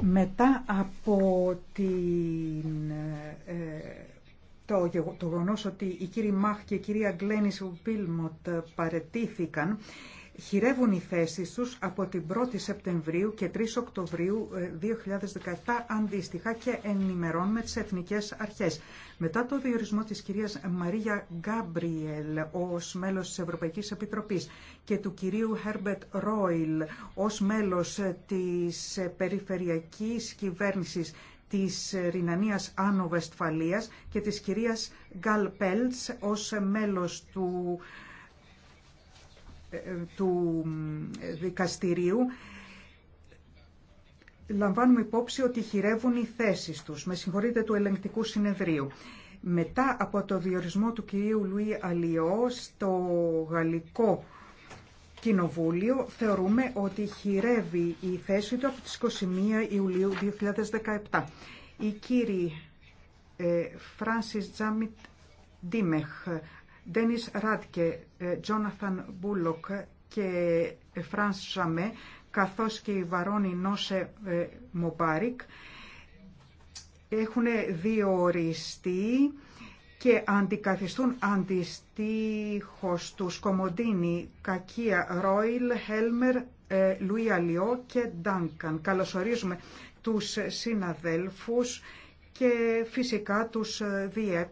Μετά από ε, το, το ότι η κυρία Μάχ και η κυρία Γκλένις Βίλμοτ παρετήθηκαν, χειρεύουν οι θέσεις τους από την 1η Σεπτεμβρίου και 3 Οκτωβρίου 2017 ε, αντίστοιχα και ενημερώνουμε τις Εθνικές Αρχές. Μετά το διορισμό της κυρίας Μαρία Γκάμπριελ ως μέλος της Ευρωπαϊκής Επιτροπής και του κυρίου Χέρμπετ Ρόιλ ως μέλος ε, της ε, Περιφερειακής Κυβέρνησης της Ρινανίας Άνω και της κυρίας Γκάλ Πέλτς ως μέλος του του δικαστηρίου λαμβάνουμε υπόψη ότι χειρεύουν οι θέσεις τους. Με συγχωρείτε του ελεγκτικού συνεδρίου. Μετά από το διορισμό του κυρίου Λουί Αλιό στο γαλλικό κοινοβούλιο θεωρούμε ότι χειρεύει η θέση του από τις 21 Ιουλίου 2017. η κύριοι ε, Φράνσις Τζάμιτ Ντίμεχ, Ντένις Ράτκε, Τζόναθαν Μπούλοκ και Φρανς ε, Ζαμέ, καθώς και η Βαρόνι Νόσε ε, Μομπάρικ, έχουν διοριστεί και αντικαθιστούν αντιστοίχως τους Κομοντίνη, Κακία Ρόιλ, Χέλμερ, ε, Λουί Αλιό και Ντάνκαν. Καλωσορίζουμε τους συναδέλφους και φυσικά τους ΔΙΕΠ